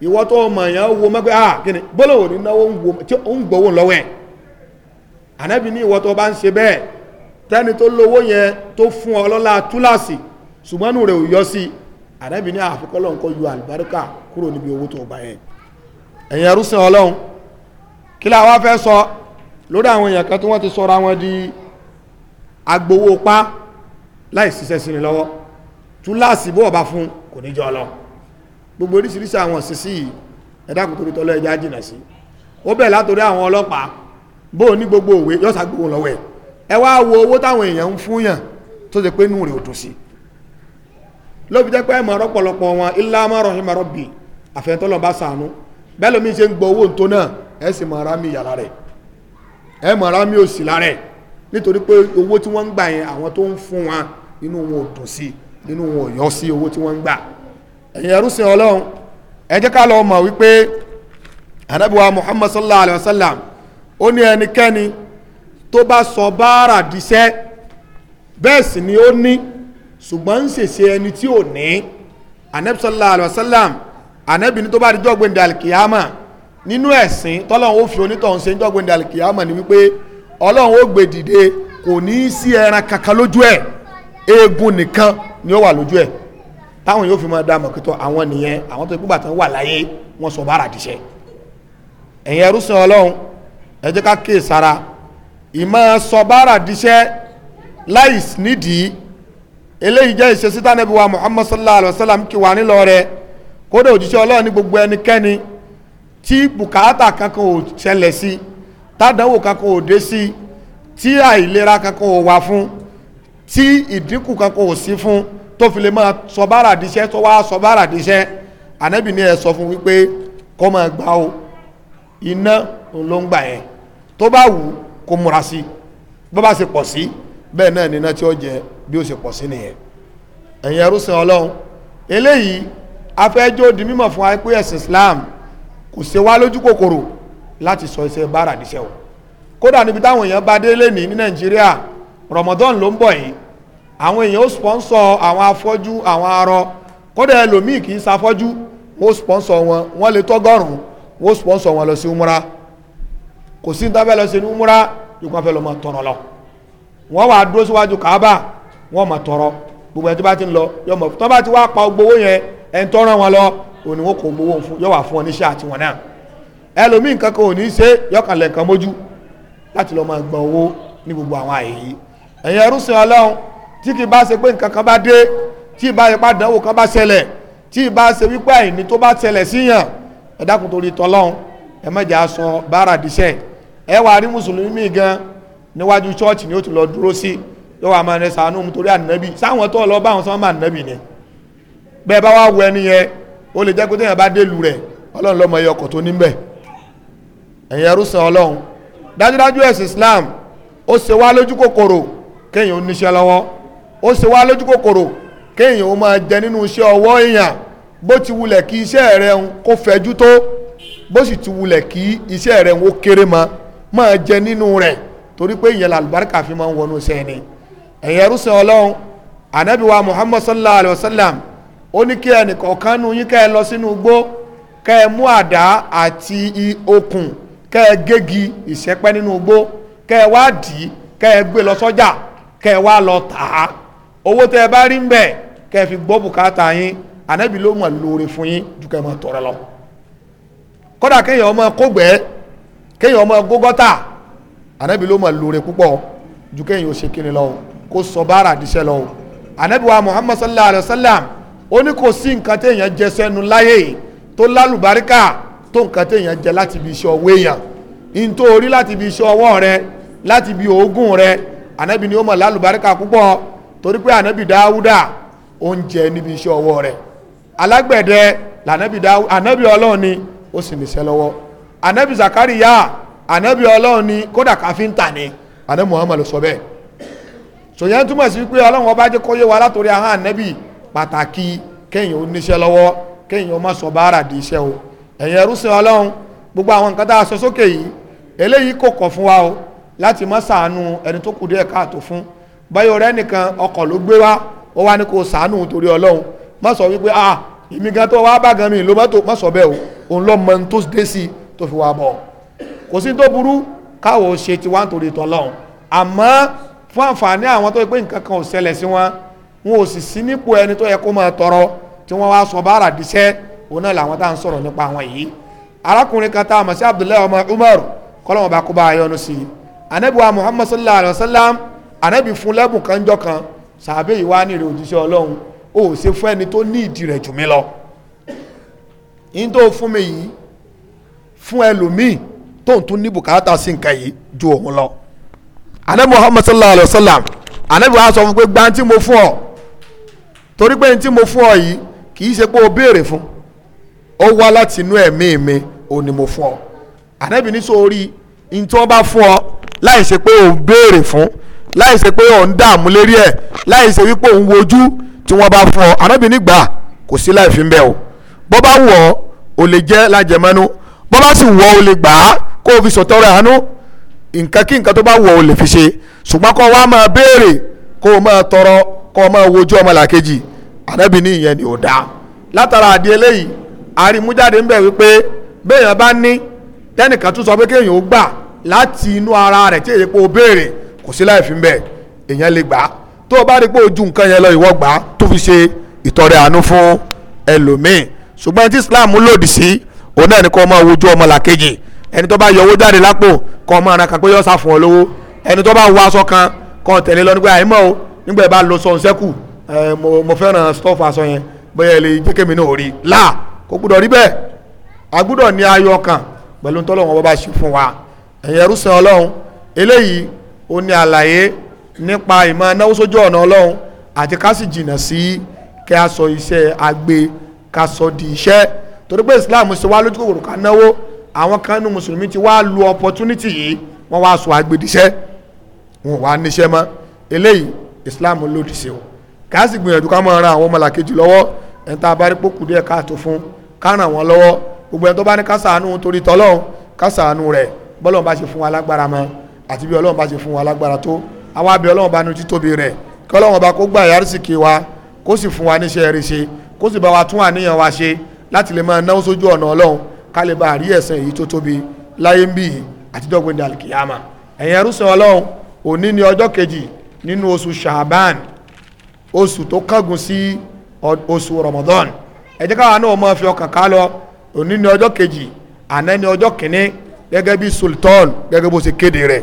ìwọ tó mọ̀ yẹn wo mọ́ pé ah kí ni gbólóhùn ní náwó tí ó ń gbowó lọ́wọ́ ẹ̀ ànábì ní ìwọ tó bá ń ṣe bẹ́ẹ̀ tẹ́ni tó lówó yẹn tó fún ọ lọ́la túláàsì ṣùgbọ́n nù rẹ̀ ò yọ sí ànábì ní ah, àfikọ́lọ́ nǹkan yọ àlùbáríkà kúrò níbi owó tó bá yẹn ẹ̀yìn ẹrúsìn ọlọ́run kí la wá fẹ́ sọ lórí àwọn èèyàn kan tí wọ́n ti sọra wọn di agbowó pa láì ṣiṣẹ́ sí ni lọ́wọ́ túláàsì bó ọba fún kò ní jọ ọlọ́run gbogbo oríṣiríṣi àwọn sísí yìí ẹ̀dàkùn torí tọ́lọ́ ẹja jìnà sí ó bẹ̀ látòrí àwọn ọlọ́pàá bó ní gbogbo òwe yọ́sà gbogbo lọ́wọ́ ẹ̀ ẹ wá wo owó táwọn èèyàn ń fún yàn tó ṣe pé nù rè òdùn sí ló fi jẹ́ pé ẹ̀mọ̀ rọ́pọ̀lọpọ̀ wọn ilá márùn ún márùn bì àfẹ́ntọ́lọ́ bá sànú bẹ́ẹ̀ lómi ṣe ń gbọ́ owó tó náà ẹ sì mọ̀ ara mi yàrá rẹ̀ ẹ mọ̀ ara mi ò lára ẹ̀ nítorí pé owó tí wọ́n ń gbà yẹn àwọn tó ń fún wọn inú wọn ò dùn sí inú wọn ò yọ sí owó tí wọ́n ń gbà ẹ̀yin ẹrúsìn ọlọ́run ẹ jẹ́ ká lọ mọ̀ wípé anabiwa muhammad sallallahu alayhi wa sallam ó ní ẹnikẹ́ni tó bá sọ báárà díṣẹ́ bẹ́ẹ̀ sì ni ó ní ṣùgbọ́n ń ṣèṣe ẹni tí ò ní anabi sallallahu alayhi wa sallam anabi ni tó bá di jọ́gbìn dàlkìyàmà nínú ẹ̀sìn tọ́lọ́run ó fi onítọ̀hún ṣe jọ́gbìn dàlkìyàmà ni wípé ọlọ́run ó gbé dìde kò ní í sí ẹran kankan lójú ẹ̀ eegun nìkan ni ó wà lójú ẹ̀ táwọn yóò fi máa dá mọ̀kítọ́ àwọn nìyẹn àwọn tó gbúgbà tó wà láyé wọ́n sọ bára dìṣẹ́ ẹ̀yin ẹrú sin ọlọ́run ẹ jẹ́ ká kéè sára ìmọ̀ sọ bára dìṣẹ́ láì nídìí eléyìí jẹ́ ìṣesí tánàbí wa muhammad sallallahu alayhi wa sallam kí wà nílọ rẹ kódà òjíṣẹ́ ọlọ́run ní gbogbo ẹnikẹ́ni tí bùkátà kankan ò ṣẹlẹ̀ sí tádánwò kankan ò dé sí tí àìlera kankan ò wà fún tí ìdínkù kankan ò sí fún tó fi lè máa sọ bára díṣẹ́ tó wá sọ bára díṣẹ́ ànábì ni ẹ sọ fún wípé kó máa gbà o iná ló ń gbà yẹn tó bá wù kó múra sí bó bá ṣe pọ̀ sí bẹ́ẹ̀ náà ni iná tí ó jẹ bí ó ṣe pọ̀ sí nìyẹn ẹ̀yin ẹrú sin ọlọ́run eléyìí afẹ́jọ́ di mímọ̀ fún wa pé ẹ̀sìn Islam kò ṣe wá lójú kòkòrò láti sọ iṣẹ́ bára díṣẹ́ o kódà níbi táwọn èèyàn bá dé lé ní ní Nàìjíríà Ramadan ló ń bọ̀ yìí àwọn èèyàn ó sponsor àwọn afọ́jú àwọn arọ kódà ẹlòmíì kì í ṣafọ́jú wọ́n sponsor wọn wọ́n lè tọ́gọ́rùn-ún wọ́n sponsor wọn lọ sí umura kò sí dábẹ́ lọ sí umura yóò kàn fẹ́ lọ mọ tọrọ lọ wọ́n wà dúró síwájú kàábà wọ́n mọ tọrọ gbogbo ẹni tó bá ti ń lọ yọ mọ tó bá ti wá pa gbowó yẹn ẹni tó rán wọn lọ òní wọn kò gbowó fún yọ wà fún ọ níṣẹ́ àti wọn náà ẹlòmíì nǹkan kan ò ní í ṣe yọkànlẹ̀ kan mójú láti lọ máa gbọ́n owó ní gbogbo àwọn àyè yìí ẹ̀yin ẹrú sin Ọlọ́run tí kì í bá ṣe pé nǹkan kan bá dé tí ì bá ṣe pé àdánwò kan bá ṣẹlẹ̀ tí ì bá ṣe wípé àìní tó bá ṣẹlẹ̀ síyàn ẹ dákun torí tọlọ́hún ẹ mẹ́jà sọ báárà díṣẹ́ ẹ wà rí mùsùlùmí mi gan níwájú ṣọ́ọ̀ṣì ni ó ti lọ dúró sí yóò wà máa rẹ sànú mu torí ànábì sáwọn tó lọ báwọn sọ́mọ́ ànábì ni bẹ́ẹ̀ bá wà wọ ẹni yẹn ó lè jẹ́ pé téèyàn bá dé lu rẹ̀ ọlọ́run lọ́mọ ẹyọ Islam ó ṣe wá lójú kòkòrò kéèyàn ó níṣẹ́ lọ́wọ́ ó ṣe wá lójú kòkòrò kéèyàn ó máa jẹ nínú iṣẹ́ ọwọ́ èèyàn bó ti wulẹ̀ kí iṣẹ́ rẹ̀ ń kó fẹjú tó bó sì ti wulẹ̀ kí iṣẹ́ ń ma máa jẹ nínú rẹ̀ torí pé ìyẹn làlùbáríkà fi máa ń wọnú sẹ́ni ẹ̀yìn ẹrúsìn ọlọ́run ànábì wa sallallahu alayhi wa sallam ó ní kí ẹnìkọ̀ọ̀kan nu yín kẹ́ ẹ lọ sínú igbó kẹ́ ẹ mú àdá àti okùn kẹ́ ẹ gégi ìṣẹ́pẹ́ owó tẹ́ ẹ bá rí ń bẹ̀ kẹ́ fi gbọ́ bùkátà yín ànábì ló mọ̀ lóore fún yín ju kẹ́ ẹ tọrọ lọ kódà kéèyàn ọmọ kógbẹ́ kéèyàn ọmọ gógọ́tà ànábì ló mọ̀ lóore ju kéèyàn ó ṣe lọ kó sọ bára lọ ànábì wa Muhammad sallallahu alayhi wa sallam ó ní kò sí nǹkan téèyàn jẹ sẹ́nu láyé tó lálùbáríkà tó nǹkan téèyàn jẹ láti ibi torí pé ànábì dáúdà ó ń jẹ níbi iṣẹ́ ọwọ́ rẹ̀ alágbẹ̀dẹ lànábì dáúdà ànábì ọlọ́run ni ó sì níṣẹ́ lọ́wọ́ ànábì zakariya ànábì ọlọ́run ni kódà káfíńtà ni ànábì muhammad sọ bẹ́ẹ̀ sòyẹn túmọ̀ sí pé ọlọ́run ọba jẹ́ kó yé wa látòrí ahọ́n ànábì pàtàkì kéèyàn ó níṣẹ́ lọ́wọ́ kéèyàn ó má sọ báárà di iṣẹ́ o ẹ̀yin ẹrú sin ọlọ́run gbogbo àwọn nǹkan tá a sọ sókè yìí eléyìí kò kọ̀ fún wa o láti má ṣàánú ẹni tó kù díẹ̀ káàtó fún báyọ̀ ọ̀rẹ́ nìkan ọkọ̀ ló gbé wá ó wá ní kó sàánù torí ọlọ́run má sọ wípé ah èmi gan tó wá bá gan mi ló mọ́tò má sọ bẹ́ẹ̀ o òun lọ́ mọ tó dé sí tó fi wá bọ̀ kò sí tó burú káwọ̀ ṣe tiwa nítorí tọ́lọ́run àmọ́ fún àǹfààní àwọn tó yẹ pé nǹkan kan ò ṣẹlẹ̀ sí wọn wọn ò sì sí nípò ẹni tó yẹ kó máa tọrọ tí wọ́n wá sọ bára díṣẹ́ òun náà làwọn tá à ń sọ̀rọ̀ nípa àwọn yìí arákùnrin kan tá a mọ̀ sí Abdullahi Umar kọ́lọ́mọba kó bá a yọnu sí i anabiwa Muhammad sallallahu alayhi wa sallam ànábì fún lẹ́bùn kan jọ kan sàbẹ̀ yìí wá ní ìrè òjíṣẹ́ ọlọ́run ó ṣe fún ẹni tó ní ìdí rẹ̀ jù mí lọ yín tó fún mi yìí fún ẹlòmíì tó ń tún ní bùkátà sí nǹkan yìí ju òun lọ. ànábì muhammad sallallahu alayhi wa sallam ànábì wa sọ fún pé gbá tí mo fún ọ torí pé tí mo fún ọ yìí kì í ṣe pé o béèrè fún ó wá láti inú ẹ̀mí mi ò ní mo fún ọ ànábì ní sórí ní tí wọ́n bá fún ọ láì ṣe pé o béèrè fún láì pé òun dààmú lérí ẹ̀ láì wípé òun wojú tí wọ́n bá fún ọ gbà kò sí láì fi o bá wù ọ́ o lè jẹ́ lájẹmọ́nú bọ́ bá sì wù ọ́ lè gbà á kó o fi sọ̀tọ́rọ̀ àánú nǹkan kí nǹkan tó bá wù ọ́ o lè fi ṣe ṣùgbọ́n kó wá máa béèrè kó o máa tọrọ kó o máa wojú ọmọlàkejì kò sí láì fi bẹ́ẹ̀ èèyàn lè gbà á tó o bá rí pé ojú nǹkan yẹn lọ ìwọ gbà á tó fi ṣe ìtọrẹ àánú fún ẹlòmíì ṣùgbọ́n tí Islam lòdì sí òun náà ni kó máa wojú ọmọlàkejì ẹni tó bá yọ owó jáde lápò kó máa ara kan pé yọ fún ọ lówó ẹni tó bá wọ aṣọ kan kó tẹ̀lé lọ nígbà àìmọ́ o nígbà ìbá lọ sọ̀n sẹ́kù mo fẹ́ràn stuff aṣọ yẹn bóyá ilé jẹ́kẹ̀mí náà rí là kò gbúdọ̀ rí bẹ́ẹ̀ a gbúdọ̀ ní ayọ̀ kan pẹ̀lú tọ́lọ́wọ́n bá ṣe fún wa ẹ̀yin sẹ́ ọlọ́run eléyìí ó ní àlàyé nípa ìmọ̀ náwó sójú ọ̀nà ọlọ́run àti ká sì jìnnà sí kí a sọ iṣẹ́ agbe ká sọ di iṣẹ́ torí pé Islam ṣe wá lójú kòkòrò ká náwó àwọn kan nínú mùsùlùmí ti wá lu opportunity yìí wọ́n wá sọ agbèdìṣẹ́ wọn wá níṣẹ́ mọ́ eléyìí Islam lòdì sí o ká sì gbìyànjú ká máa ran àwọn ọmọlàkejì lọ́wọ́ ẹni tá a bá rí pókù díẹ̀ káàtó fún ká ràn wọ́n lọ́wọ́ gbogbo ẹni tó bá ní ká torí tọ́lọ́run ká rẹ̀ bọ́lọ́run àti bí ọlọ́run bá ṣe fún wa lágbára tó àwa bí ọlọ́run bá nu títóbi rẹ̀ kí ọlọ́run bá kó gbà yàrá sì kí wa kó sì fún wa níṣẹ́ rí ṣe kó sì bá wa tún àníyàn wa ṣe láti lè máa náwó sójú ọ̀nà ọlọ́run ká lè bá àrí ẹ̀sìn èyí tó tóbi láyé ń bì í àti dọ́gbìn dàlùkìyàmà ẹ̀yin ẹrúsìn ọlọ́run òní ni ọjọ́ kejì nínú oṣù shaban oṣù tó kángun sí oṣù ramadan ẹ jẹ́ káwa náà máa fi ọkàn ká lọ òní ni ọjọ́ kejì àná ni ọjọ́ kìíní gẹ́gẹ́ bí sultan gẹ́gẹ́ bó ṣe kéde rẹ̀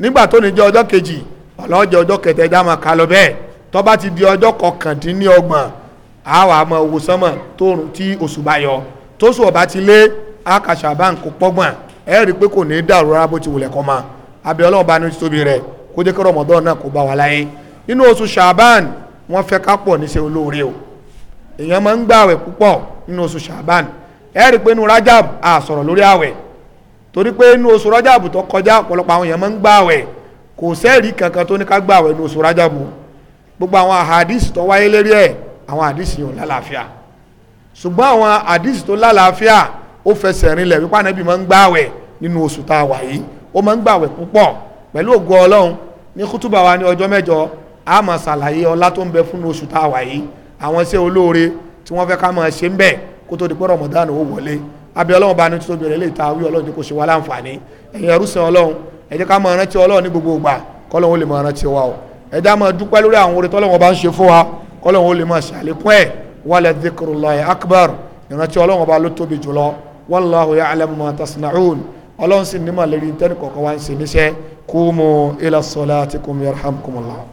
nígbà tó ní jẹ́ ọjọ́ kejì ọlọ́jọ́ ọjọ́ kẹtẹ ẹja máa kà lọ bẹ́ẹ̀ tó bá ti di ọjọ́ kọkàndínlọ́gbọ̀n a wà mọ owó sánmọ̀ tóòrùn tí oṣù bá yọ tóṣù ọba ti lé akàṣà bá ń kó pọ́gbọ̀n ẹ rí i pé kò ní í dàrú rárá bó ti wùlẹ̀ kọ́ ma abẹ ọlọ́run bá ní títóbi rẹ̀ kó jẹ́ kí rọmọdọ́n náà kó bá wa láyé nínú oṣù ṣàbán wọ́n fẹ́ ká pọ̀ níṣẹ́ olóore o èèyàn máa ń gbààwẹ̀ púpọ̀ nínú oṣù ṣàbán ẹ rí i pé inú rajab a sọ̀rọ̀ lórí àwẹ̀ torí pé inú oṣù rájàbù tó kọjá ọ̀pọ̀lọpọ̀ àwọn èèyàn máa ń gbààwẹ̀ kò sẹ́ẹ̀rí kankan tó ní ká gbààwẹ̀ inú oṣù rájàbù gbogbo àwọn àhàdísì tó wáyé lérí ẹ̀ àwọn àdísì yóò lálàáfíà ṣùgbọ́n àwọn àdísì tó lálàáfíà ó fẹsẹ̀ rinlẹ̀ wípé ànábì máa ń gbààwẹ̀ nínú oṣù tá a wà yìí ó máa ń gbààwẹ̀ púpọ̀ pẹ̀lú ògo ọlọ́run ní kútùbà wa ní ọjọ́ mẹ́jọ a máa ọlá tó ń bẹ fún oṣù tá a wà yìí àwọn iṣẹ́ olóore tí wọ́n fẹ́ ká máa ṣe ń bẹ̀ kó tó di pé rọmọdánù ó wọlé abẹ ọlọ́run bá ní tó bẹ̀rẹ̀ lè ta wí ọlọ́run kò ṣe wá láǹfààní ẹ̀yin ẹrúsìn ọlọ́run ẹ jẹ́ ká máa rántí ọlọ́run ní gbogbo ìgbà kọ́lọ́run ó lè máa rántí wa o ẹ dá máa dúpẹ́ lórí àwọn oore tọ́lọ́run bá ń ṣe fún wa kọ́lọ́run ó lè máa ṣàlékún ẹ̀ wala dhikrullahi akbar ìrántí ọlọ́run bá ló tóbi jùlọ wallahu ya'lamu